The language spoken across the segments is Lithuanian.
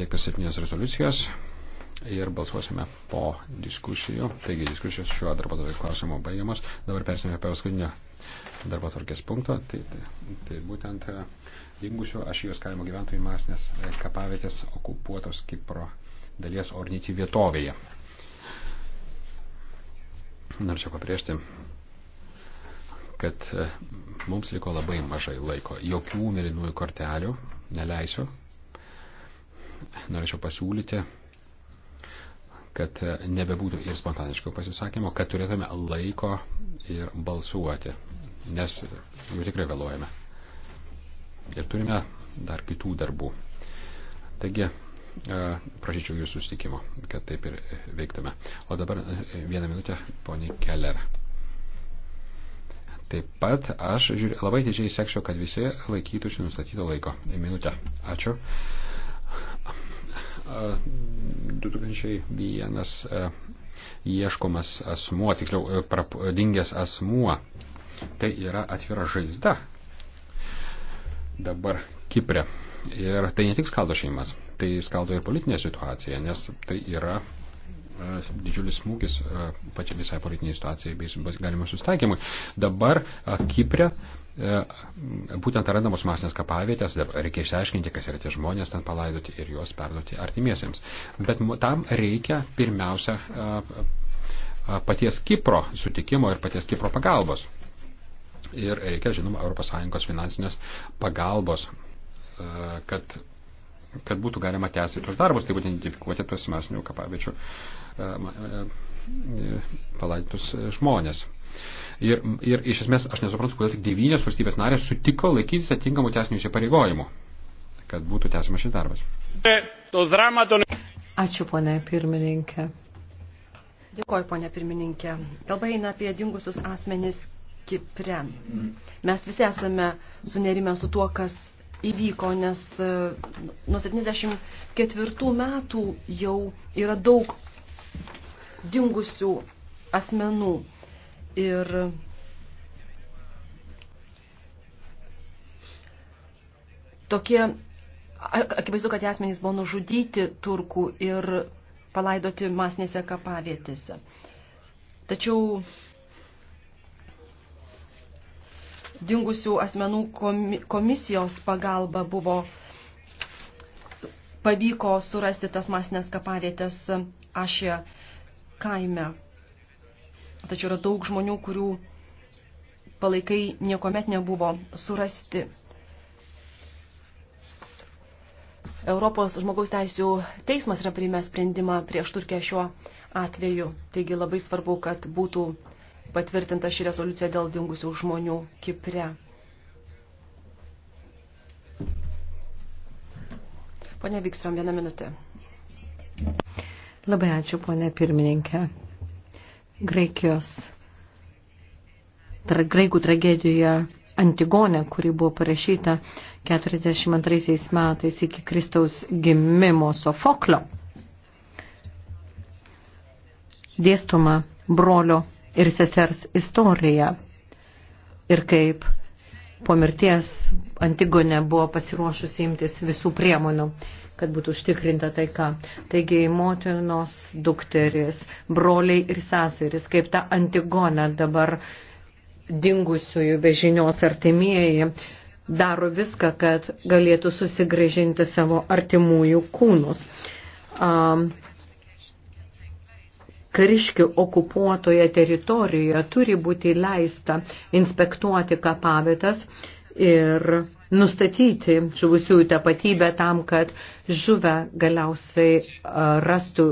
Teiktas septynės rezoliucijos ir balsuosime po diskusijų. Taigi diskusijos šiuo darbo tvarkės klausimu baigiamas. Dabar persime apie paskutinę darbo tvarkės punktą. Tai, tai, tai būtent e, dingusių Ašijos kaimo gyventojų masinės e, kapavietės okupuotos Kipro dalies ornyti vietovėje. Norėčiau pabrėžti, kad e, mums liko labai mažai laiko. Jokių mėlynųjų kortelių neleisiu norėčiau pasiūlyti, kad nebebūtų ir spontaniškų pasisakymų, kad turėtume laiko ir balsuoti, nes jau tikrai vėluojame. Ir turime dar kitų darbų. Taigi, e, prašyčiau jūsų sustikimo, kad taip ir veiktume. O dabar e, vieną minutę, poniai Keller. Taip pat aš žiūrė, labai didžiai sekščiau, kad visi laikytųsi nustatyto laiko. Minutę. Ačiū. 2001 ieškomas asmuo, tiksliau, dingęs asmuo. Tai yra atvira žaizda dabar Kiprė. Ir tai ne tik skaldo šeimas, tai skaldo ir politinė situacija, nes tai yra didžiulis smūgis pačiai visai politiniai situacijai bei galima sustaikymui. Dabar Kiprė E, būtent randamos masinės kapavietės, reikia išsiaiškinti, kas yra tie žmonės ten palaidoti ir juos perduoti artimiesiems. Bet tam reikia pirmiausia e, e, paties Kipro sutikimo ir paties Kipro pagalbos. Ir reikia, žinoma, ES finansinės pagalbos, kad, kad būtų galima tęsti tuos darbus, tai būtent identifikuoti tuos masinių kapavičių palaidotus žmonės. Ir, ir iš esmės aš nesuprantu, kodėl tik devynios valstybės narės sutiko laikytis atinkamų teisinių įsipareigojimų, kad būtų tęsiamas šis darbas. Ačiū, ponė pirmininkė. Dėkoju, ponė pirmininkė. Kalba eina apie dingusius asmenys Kipre. Mes visi esame sunerime su tuo, kas įvyko, nes e, nuo 74 metų jau yra daug dingusių asmenų. Ir tokie, akivaizdu, kad asmenys buvo nužudyti turkų ir palaidoti masinėse kapavietėse. Tačiau dingusių asmenų komisijos pagalba buvo pavyko surasti tas masinės kapavietės Ašė kaime. Tačiau yra daug žmonių, kurių palaikai niekuomet nebuvo surasti. Europos žmogaus teisų teismas yra priimęs sprendimą prieš Turkiją šiuo atveju. Taigi labai svarbu, kad būtų patvirtinta ši rezoliucija dėl dingusių žmonių Kipre. Pone Vikstrom, vieną minutę. Labai ačiū, ponė pirmininkė. Graikijos, tra, graikų tragedijoje Antigonė, kuri buvo parašyta 42 metais iki Kristaus gimimo Sofoklio, dėstoma brolio ir sesers istorija ir kaip po mirties Antigonė buvo pasiruošusi imtis visų priemonių kad būtų užtikrinta taika. Taigi motinos dukteris, broliai ir seseris, kaip ta Antigona dabar dingusiųjų bežinios artimieji, daro viską, kad galėtų susigražinti savo artimųjų kūnus. Um, kariškių okupuotoje teritorijoje turi būti leista inspektuoti kapavitas ir nustatyti žuvusiųjų tapatybę tam, kad žuvę galiausiai rastų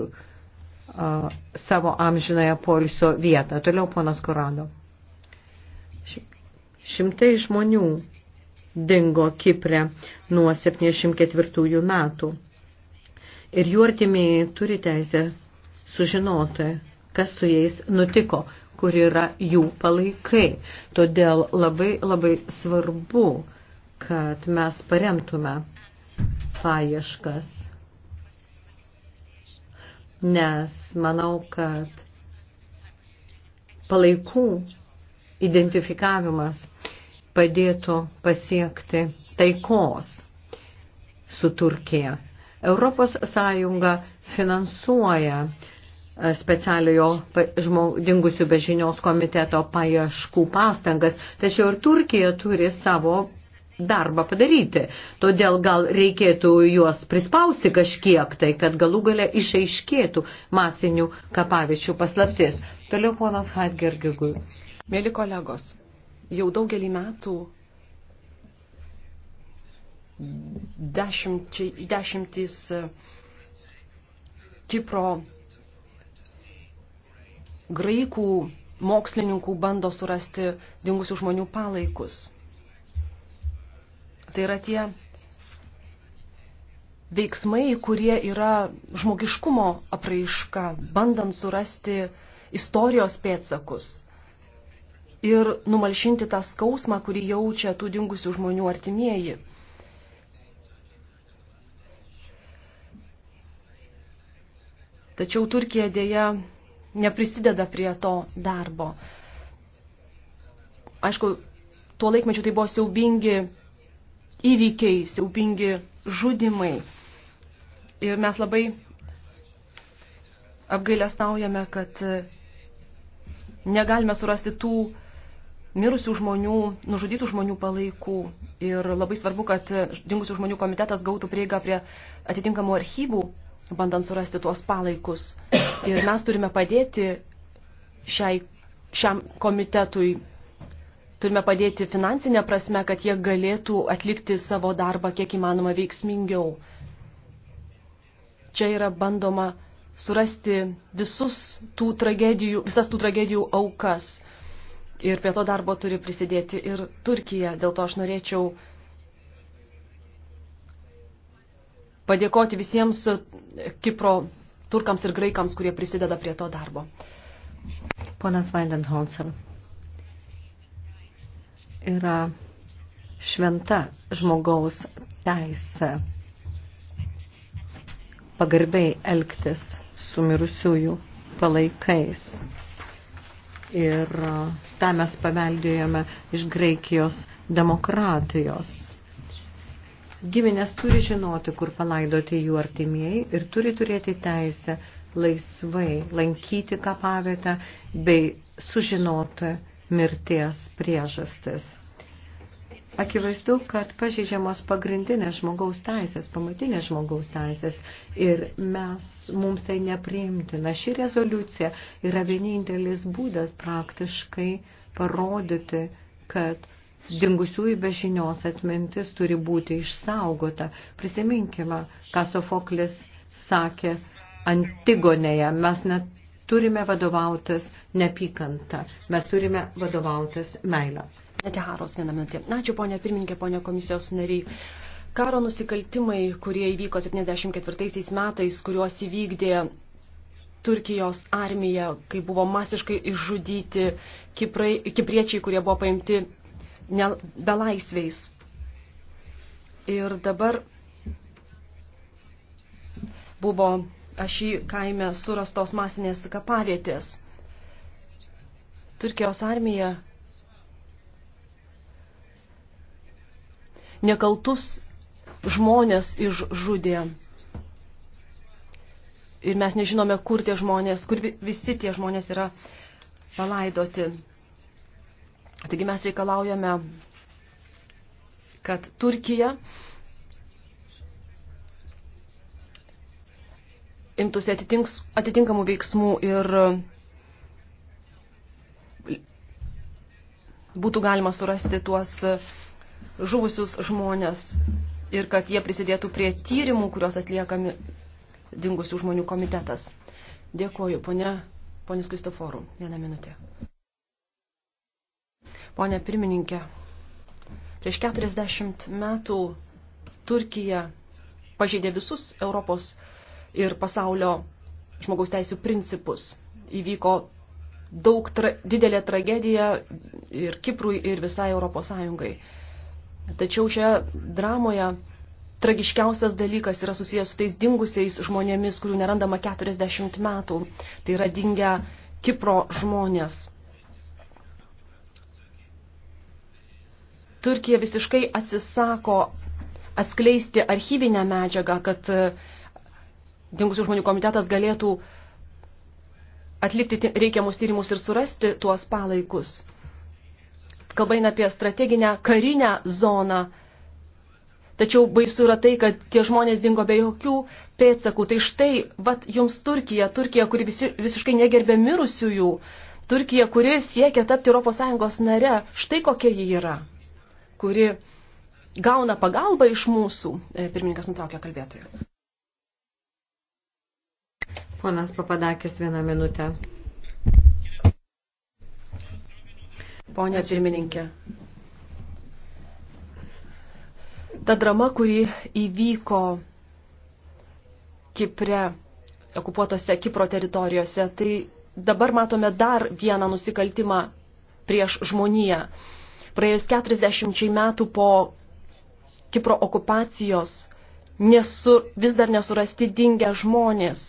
savo amžinąją polisio vietą. Toliau ponas Korado. Šimtai žmonių dingo Kiprė nuo 74 metų. Ir jų artimieji turi teisę sužinoti, kas su jais nutiko, kur yra jų palaikai. Todėl labai labai svarbu kad mes paremtume paieškas, nes manau, kad palaikų identifikavimas padėtų pasiekti taikos su Turkija. Europos Sąjunga finansuoja e, specialiojo žmogdingusių bežinios komiteto paieškų pastangas, tačiau ir Turkija turi savo darbą padaryti. Todėl gal reikėtų juos prispausti kažkiek tai, kad galų gale išaiškėtų masinių kapavičių paslaptis. Toliau ponas Hadgergigui. Mėly kolegos, jau daugelį metų dešimčiai, dešimtys e, Kipro graikų mokslininkų bando surasti dingusių žmonių palaikus. Tai yra tie veiksmai, kurie yra žmogiškumo apraiška, bandant surasti istorijos pėtsakus ir numalšinti tą skausmą, kurį jaučia tų dingusių žmonių artimieji. Tačiau Turkija dėja neprisideda prie to darbo. Aišku, tuo laikmečiu tai buvo siaubingi įvykiai, siaubingi žudimai. Ir mes labai apgailestaujame, kad negalime surasti tų mirusių žmonių, nužudytų žmonių palaikų. Ir labai svarbu, kad dingusių žmonių komitetas gautų prieigą prie atitinkamų archyvų, bandant surasti tuos palaikus. Ir mes turime padėti šiai, šiam komitetui turime padėti finansinę prasme, kad jie galėtų atlikti savo darbą kiek įmanoma veiksmingiau. Čia yra bandoma surasti visus tų tragedijų, visas tų tragedijų aukas. Ir prie to darbo turi prisidėti ir Turkija. Dėl to aš norėčiau padėkoti visiems Kipro turkams ir graikams, kurie prisideda prie to darbo. Ponas Vandenholzer yra šventa žmogaus teisė pagarbiai elgtis su mirusiųjų palaikais. Ir tą mes paveldėjome iš Graikijos demokratijos. Giminės turi žinoti, kur palaidoti jų artimieji ir turi turėti teisę laisvai lankyti kapavietę bei sužinoti mirties priežastis. Akivaizdu, kad pažeidžiamos pagrindinės žmogaus teisės, pamatinės žmogaus teisės ir mes, mums tai nepriimtina. Ši rezoliucija yra vienintelis būdas praktiškai parodyti, kad dingusiųjų bežinios atmintis turi būti išsaugota. Prisiminkime, ką Sofoklis sakė Antigonėje. Mes net turime vadovautas nepykantą, mes turime vadovautas meilę. Neteharos vieną minutę. Ačiū, ponė pirmininkė, ponė komisijos nariai. Karo nusikaltimai, kurie įvyko 74 metais, kuriuos įvykdė Turkijos armija, kai buvo masiškai išžudyti kiprai, kipriečiai, kurie buvo paimti ne, be laisvės. Ir dabar buvo ašį kaime surastos masinės kapavietės. Turkijos armija nekaltus žmonės išžudė. Ir mes nežinome, kur tie žmonės, kur visi tie žmonės yra palaidoti. Taigi mes reikalaujame, kad Turkija imtųsi atitinks, atitinkamų veiksmų ir e, būtų galima surasti tuos e, žuvusius žmonės ir kad jie prisidėtų prie tyrimų, kurios atliekami dingusių žmonių komitetas. Dėkuoju, ponia, ponis Kristoforų. Vieną minutę. Pone pirmininkė, prieš 40 metų Turkija pažeidė visus Europos ir pasaulio žmogaus teisų principus. Įvyko daug tra didelė tragedija ir Kiprui, ir visai Europos Sąjungai. Tačiau šioje dramoje tragiškiausias dalykas yra susijęs su tais dingusiais žmonėmis, kurių nerandama 40 metų. Tai yra dingę Kipro žmonės. Turkija visiškai atsisako atskleisti archyvinę medžiagą, kad uh, dingusių žmonių komitetas galėtų atlikti reikiamus tyrimus ir surasti tuos palaikus. Kalba eina apie strateginę karinę zoną. Tačiau baisu yra tai, kad tie žmonės dingo be jokių pėdsakų. Tai štai, vat jums Turkija, Turkija, kuri visi, visiškai negerbė mirusiųjų, Turkija, kuri siekia tapti ES nare, štai kokia ji yra, kuri gauna pagalbą iš mūsų, e, pirmininkas nutraukė kalbėtoją. Ponas Papadakis vieną minutę. Pone pirmininkė. Ta drama, kuri įvyko Kipre, okupuotose Kipro teritorijose, tai dabar matome dar vieną nusikaltimą prieš žmoniją. Praėjus 40 metų po Kipro okupacijos nesu, vis dar nesurasti dingę žmonės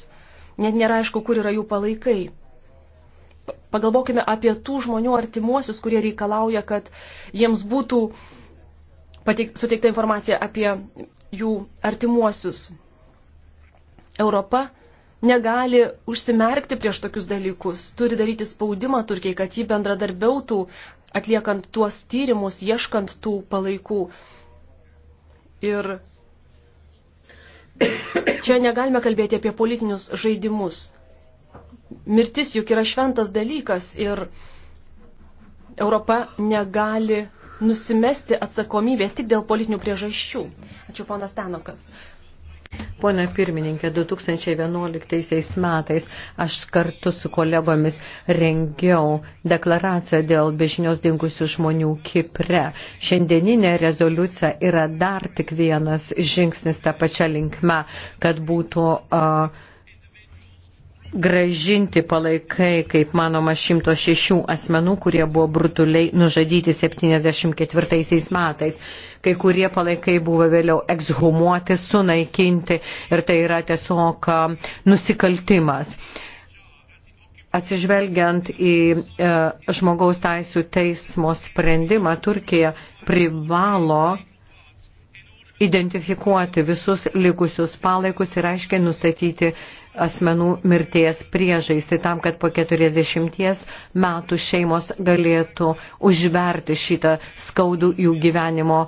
net nėra aišku, kur yra jų palaikai. Pagalvokime apie tų žmonių artimuosius, kurie reikalauja, kad jiems būtų pateik, suteikta informacija apie jų artimuosius. Europa negali užsimerkti prieš tokius dalykus, turi daryti spaudimą Turkiai, kad jį bendradarbiautų, atliekant tuos tyrimus, ieškant tų palaikų. Ir Čia negalime kalbėti apie politinius žaidimus. Mirtis juk yra šventas dalykas ir Europa negali nusimesti atsakomybės tik dėl politinių priežasčių. Ačiū, ponas Tanokas. Pone pirmininkė, 2011 metais aš kartu su kolegomis rengiau deklaraciją dėl bežinios dingusių žmonių Kipre. Šiandieninė rezoliucija yra dar tik vienas žingsnis tą pačią linkmę, kad būtų uh, gražinti palaikai, kaip manoma, 106 asmenų, kurie buvo brutuliai nužadyti 74 metais. Kai kurie palaikai buvo vėliau ekshumuoti, sunaikinti ir tai yra tiesiog nusikaltimas. Atsižvelgiant į e, žmogaus teisų teismo sprendimą, Turkija privalo identifikuoti visus likusius palaikus ir aiškiai nustatyti asmenų mirties priežaistai tam, kad po 40 metų šeimos galėtų užverti šitą skaudų jų gyvenimo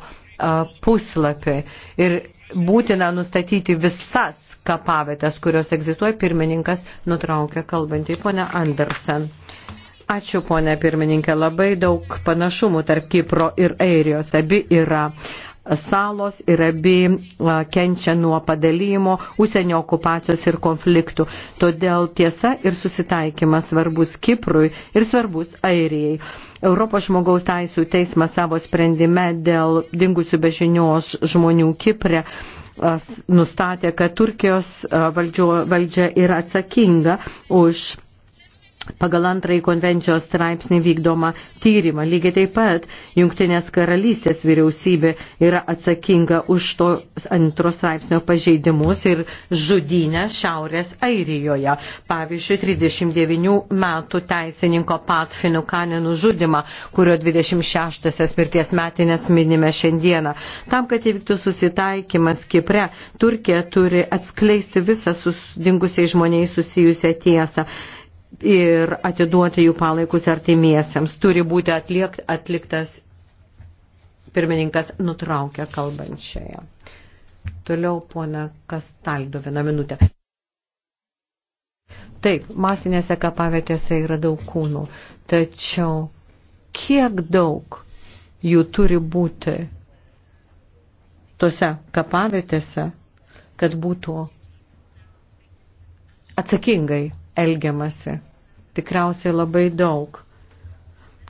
puslapį. Ir būtina nustatyti visas kapavietės, kurios egzistuoja, pirmininkas nutraukia kalbantį. Pone Andersen. Ačiū, ponė pirmininkė, labai daug panašumų tarp Kipro ir Airijos. Abi yra salos ir abi kenčia nuo padalymo, užsienio okupacijos ir konfliktų. Todėl tiesa ir susitaikymas svarbus Kiprui ir svarbus Airijai. Europos žmogaus teisų teismas savo sprendime dėl dingusių bežinios žmonių Kiprė nustatė, kad Turkijos valdžio, valdžia yra atsakinga už pagal antrąjį konvencijos straipsnį vykdomą tyrimą. Lygiai taip pat Junktinės karalystės vyriausybė yra atsakinga už to antro straipsnio pažeidimus ir žudynės Šiaurės Airijoje. Pavyzdžiui, 39 metų teisininko Pat Finukanė nužudimą, kurio 26-asias mirties metinės minime šiandieną. Tam, kad įvyktų susitaikymas Kipre, Turkija turi atskleisti visą susdingusiai žmoniai susijusią tiesą ir atiduoti jų palaikus artimiesiams. Turi būti atliekt, atliktas pirmininkas nutraukia kalbančiąją. Toliau pona Kastaldo vieną minutę. Taip, masinėse kapavietėse yra daug kūnų, tačiau kiek daug jų turi būti tose kapavietėse, kad būtų atsakingai elgiamasi tikriausiai labai daug.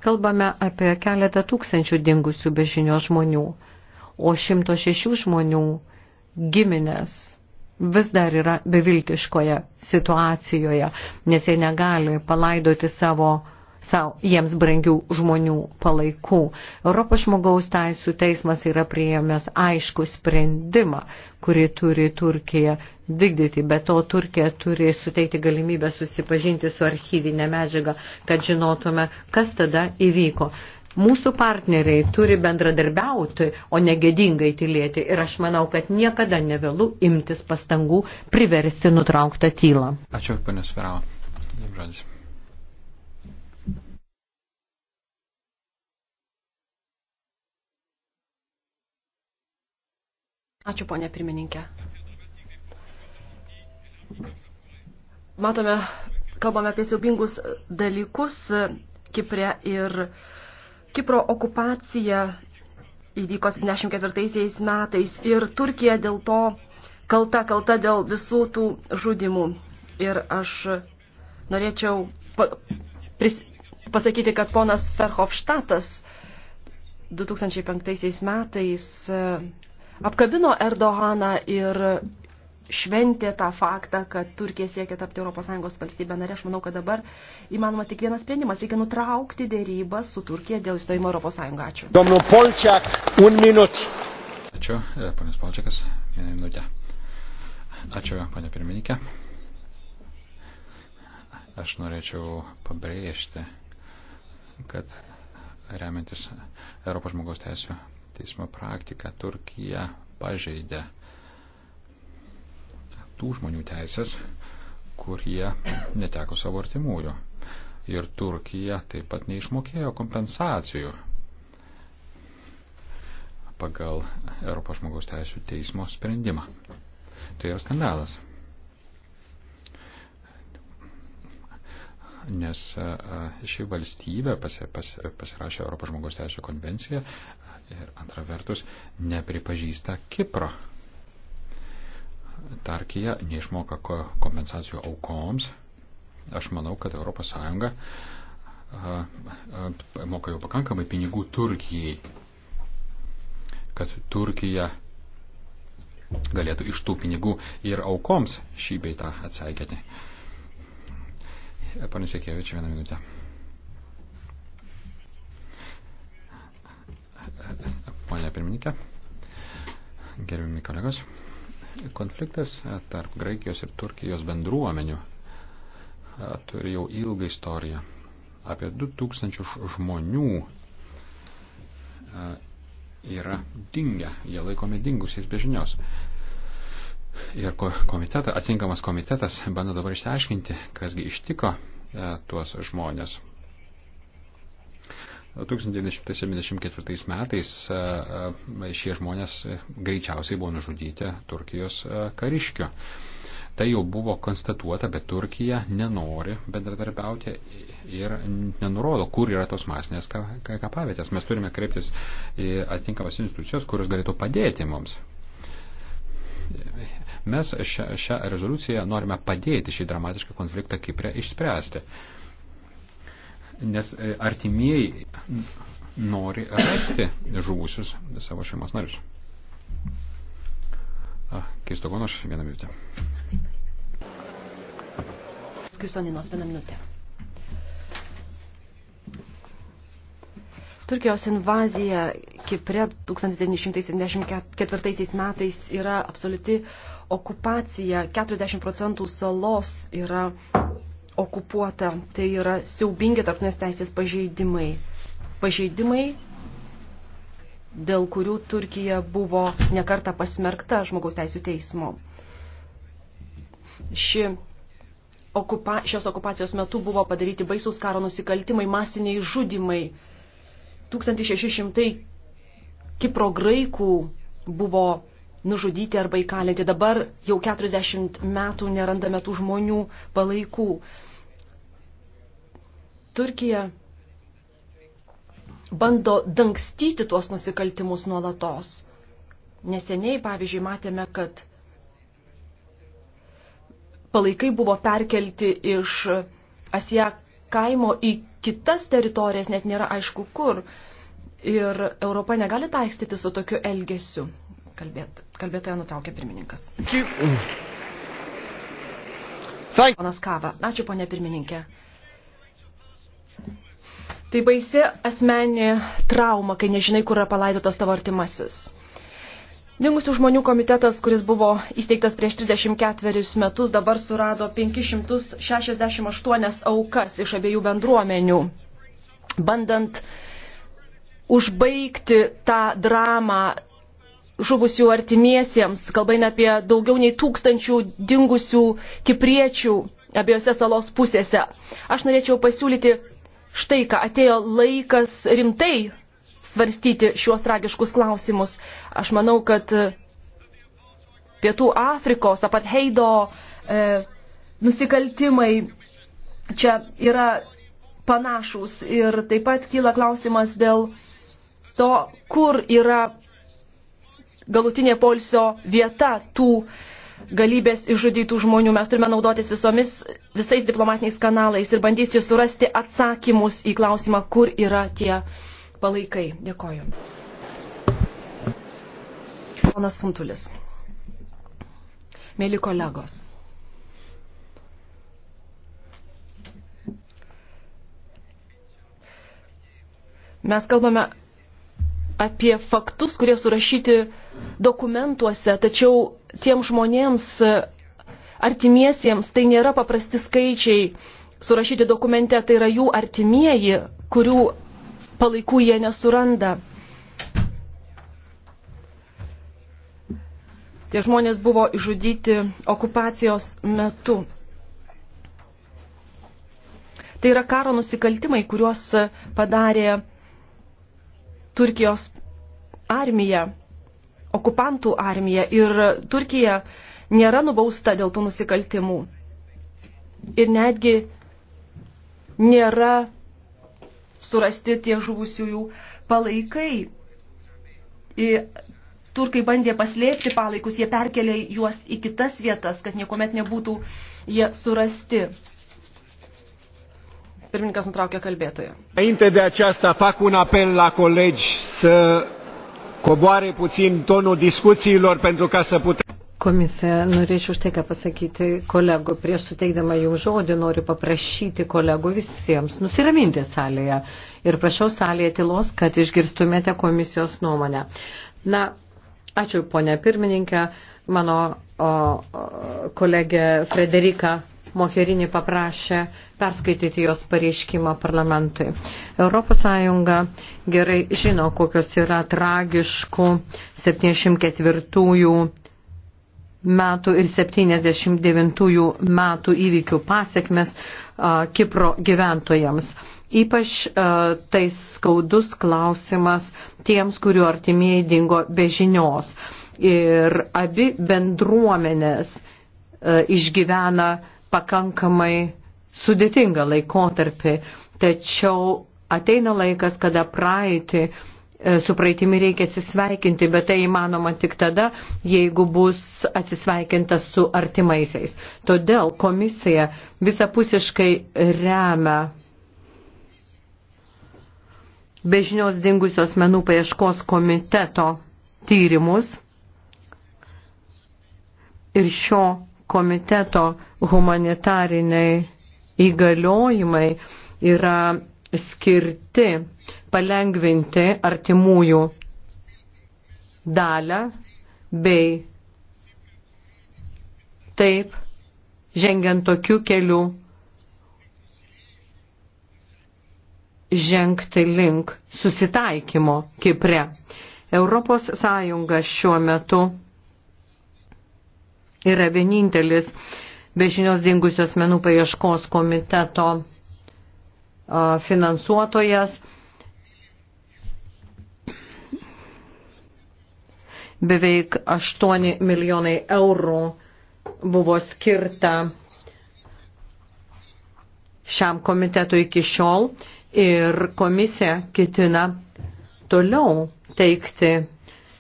Kalbame apie keletą tūkstančių dingusių bežinio žmonių, o 106 žmonių giminės vis dar yra beviltiškoje situacijoje, nes jie negali palaidoti savo savo jiems brangių žmonių palaikų. Europos žmogaus teisų teismas yra prieėmęs aišku sprendimą, kurį turi Turkija vykdyti. Be to, Turkija turi suteikti galimybę susipažinti su archyvinė medžiaga, kad žinotume, kas tada įvyko. Mūsų partneriai turi bendradarbiauti, o negėdingai tylėti. Ir aš manau, kad niekada nevėlu imtis pastangų priversti nutrauktą tylą. Ačiū, panės Ferau. Žodis. Ačiū, ponė pirmininkė. Matome, kalbame apie siaubingus dalykus Kiprė ir Kipro okupacija įvyko 74 metais ir Turkija dėl to kalta, kalta dėl visų tų žudimų. Ir aš norėčiau pris, pasakyti, kad ponas Ferhofštatas 2005 metais apkabino Erdohaną ir šventė tą faktą, kad Turkija siekia tapti ES valstybę narė. Aš manau, kad dabar įmanoma tik vienas sprendimas. Reikia nutraukti dėrybą su Turkija dėl įstojimo ES. Ačiū. Domnu Polčiak, un minut. Ačiū, e, panas Polčiakas, vieną minutę. Ačiū, panė pirmininkė. Aš norėčiau pabrėžti, kad remiantis Europos žmogaus teisų teismo praktika Turkija pažeidė tų žmonių teisės, kurie neteko savo artimųjų. Ir Turkija taip pat neišmokėjo kompensacijų pagal Europos žmogaus teisų teismo sprendimą. Tai yra skandalas. nes ši valstybė pasi, pasi, pasirašė Europos žmogaus teisų konvenciją ir antra vertus nepripažįsta Kipro. Tarkija neišmoka kompensacijų aukoms. Aš manau, kad ES moka jau pakankamai pinigų Turkijai, kad Turkija galėtų iš tų pinigų ir aukoms šį beitą atseikėti. Uh, Pane Sekėvičiu, vieną minutę. Pane pirmininkė, gerbimi kolegos, konfliktas tarp Graikijos ir Turkijos bendruomenių turi jau ilgą istoriją. Apie 2000 žmonių yra dingę, jie laikomi dingusiais bežinios. žinios ir komitetas, atsinkamas komitetas bando dabar išsiaiškinti, kasgi ištiko e, tuos žmonės. 1974 metais e, e, šie žmonės greičiausiai buvo nužudyti Turkijos e, kariškio. Tai jau buvo konstatuota, bet Turkija nenori bendradarbiauti ir nenurodo, kur yra tos masinės kapavietės. Mes turime kreiptis į atinkamas institucijos, kurios galėtų padėti mums Mes šią, šią rezoliuciją norime padėti šį dramatišką konfliktą Kiprė išspręsti. Nes e, artimieji nori rasti žuvusius savo šeimos narius. Kristogonas, vieną minutę. Kristoninos, vieną minutę. Turkijos invazija Kipre 1974 metais yra absoliuti okupacija, 40 procentų salos yra okupuota, tai yra siaubingi tarptautinės teisės pažeidimai. Pažeidimai, dėl kurių Turkija buvo nekarta pasmerkta žmogaus teisų teismo. Ši okupa, šios okupacijos metu buvo padaryti baisūs karo nusikaltimai, masiniai žudimai. 1600 Kipro graikų buvo nužudyti arba įkalinti. Dabar jau 40 metų nerandame tų žmonių palaikų. Turkija bando dangstyti tuos nusikaltimus nuolatos. Neseniai, pavyzdžiui, matėme, kad palaikai buvo perkelti iš Asija kaimo į kitas teritorijas, net nėra aišku kur. Ir Europa negali taikstyti su tokiu elgesiu. Kalbėt, kalbėtoje nutraukė pirmininkas. Ponas Kava, ačiū ponė pirmininkė. Tai baisi asmeninė trauma, kai nežinai, kur yra palaidotas tavo artimasis. Dingusių žmonių komitetas, kuris buvo įsteigtas prieš 34 metus, dabar surado 568 aukas iš abiejų bendruomenių, bandant užbaigti tą dramą žuvusių artimiesiems, kalba eina apie daugiau nei tūkstančių dingusių kipriečių abiejose salos pusėse. Aš norėčiau pasiūlyti štai ką, atėjo laikas rimtai svarstyti šiuos tragiškus klausimus. Aš manau, kad e, Pietų Afrikos apartheido e, nusikaltimai čia yra panašus ir taip pat kyla klausimas dėl to, kur yra galutinė polsio vieta tų galybės išžudytų žmonių. Mes turime naudotis visomis, visais diplomatiniais kanalais ir bandyti surasti atsakymus į klausimą, kur yra tie palaikai. Dėkoju. Ponas Funtulis. Mėly kolegos. Mes kalbame apie faktus, kurie surašyti dokumentuose, tačiau tiem žmonėms artimiesiems tai nėra paprasti skaičiai surašyti dokumente, tai yra jų artimieji, kurių palaikų jie nesuranda. Tie žmonės buvo žudyti okupacijos metu. Tai yra karo nusikaltimai, kuriuos padarė Turkijos armija, okupantų armija ir Turkija nėra nubausta dėl tų nusikaltimų. Ir netgi nėra surasti tie žuvusiųjų palaikai. Ir turkai bandė paslėpti palaikus, jie perkelė juos į kitas vietas, kad niekuomet nebūtų jie surasti. Pirmininkas nutraukė kalbėtoją. Înainte de aceasta fac un apel la colegi să coboare puțin tonul discuțiilor pentru ca să putem. Komisija, norėčiau štai ką pasakyti kolegų. Prieš suteikdama jums žodį noriu paprašyti kolegų visiems nusiraminti salėje. Ir prašau salėje tylos, kad išgirstumėte komisijos nuomonę. Na, ačiū ponia pirmininkė, mano o, o, kolegė Frederika Moherini paprašė perskaityti jos pareiškimą parlamentui. ES gerai žino, kokios yra tragiškų 74 metų ir 79 metų įvykių pasiekmes Kipro gyventojams. Ypač tai skaudus klausimas tiems, kurių artimieji dingo be žinios. Ir abi bendruomenės išgyvena pakankamai sudėtingą laikotarpį, tačiau ateina laikas, kada praeitį e, su praeitimi reikia atsisveikinti, bet tai įmanoma tik tada, jeigu bus atsisveikinta su artimaisiais. Todėl komisija visapusiškai remia bežinios dingusios menų paieškos komiteto tyrimus ir šio komiteto humanitariniai įgaliojimai yra skirti palengvinti artimųjų dalę bei taip, žengiant tokiu keliu, žengti link susitaikymo Kipre. Europos Sąjunga šiuo metu yra vienintelis bežinios dingusios menų paieškos komiteto finansuotojas. Beveik 8 milijonai eurų buvo skirta šiam komitetui iki šiol ir komisija ketina toliau teikti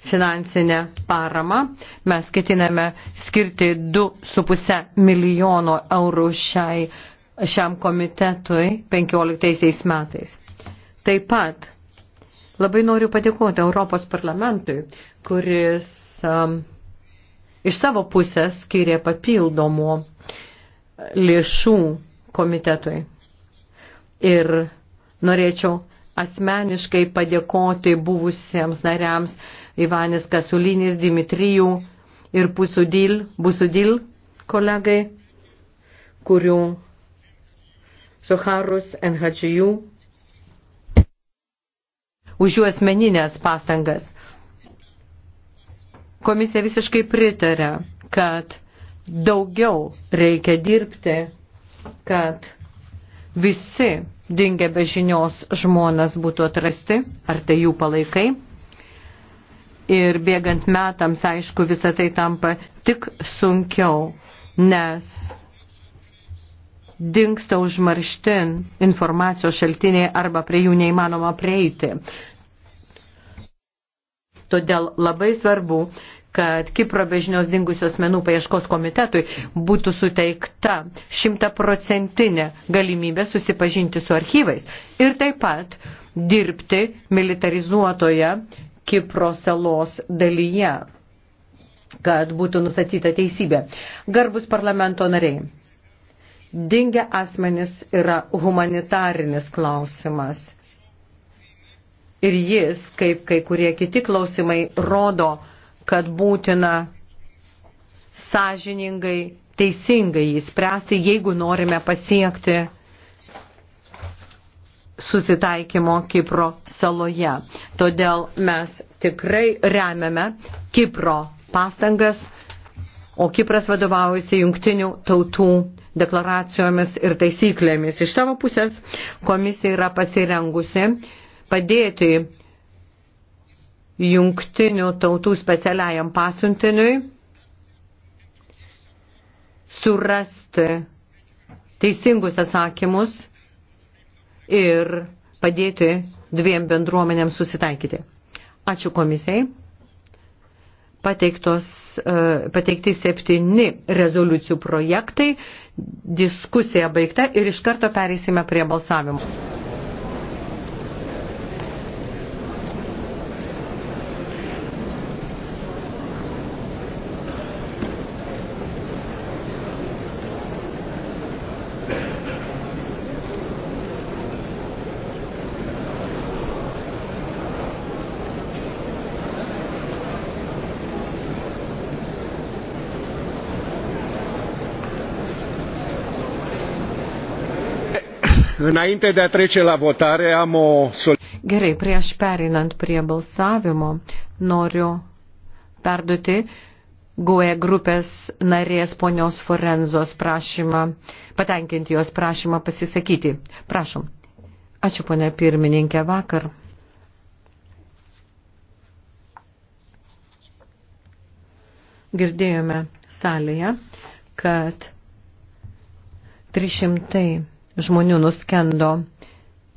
finansinę paramą. Mes ketiname skirti 2,5 milijono eurų šiai, šiam komitetui 15 metais. Taip pat labai noriu padėkoti Europos parlamentui, kuris um, iš savo pusės skiria papildomų lėšų komitetui. Ir norėčiau asmeniškai padėkoti buvusiems nariams Ivanis Kasulinis, Dimitrijų ir Pusudil, Busudil kolegai, kurių Soharus NHJU už jų asmeninės pastangas. Komisija visiškai pritarė, kad daugiau reikia dirbti, kad visi dingę be žinios žmonas būtų atrasti, ar tai jų palaikai ir bėgant metams, aišku, visą tai tampa tik sunkiau, nes dinksta užmarštin informacijos šaltiniai arba prie jų neįmanoma prieiti. Todėl labai svarbu, kad Kipro bežinios dingusios menų paieškos komitetui būtų suteikta šimtaprocentinė galimybė susipažinti su archyvais ir taip pat dirbti militarizuotoje Kipro salos dalyje, kad būtų nustatyta teisybė. Garbus parlamento nariai, dingę asmenys yra humanitarinis klausimas. Ir jis, kaip kai kurie kiti klausimai, rodo, kad būtina sąžiningai, teisingai įspręsti, jeigu norime pasiekti susitaikymo Kipro saloje. Todėl mes tikrai remiame Kipro pastangas, o Kipras vadovaujasi jungtinių tautų deklaracijomis ir taisyklėmis. Iš savo pusės komisija yra pasirengusi padėti jungtinių tautų specialiajam pasiuntiniui surasti teisingus atsakymus ir padėti dviem bendruomenėms susitaikyti. Ačiū komisijai. Pateiktos, e, pateikti septyni rezoliucijų projektai. Diskusija baigta ir iš karto pereisime prie balsavimo. Înainte de a trece la votare, am o... Gerai, prieš perinant prie balsavimo, noriu perduoti GUE grupės narės ponios Forenzos prašymą, patenkinti jos prašymą pasisakyti. Prašom. Ačiū, ponė pirmininkė, vakar. Girdėjome salėje, kad 300 žmonių nuskendo.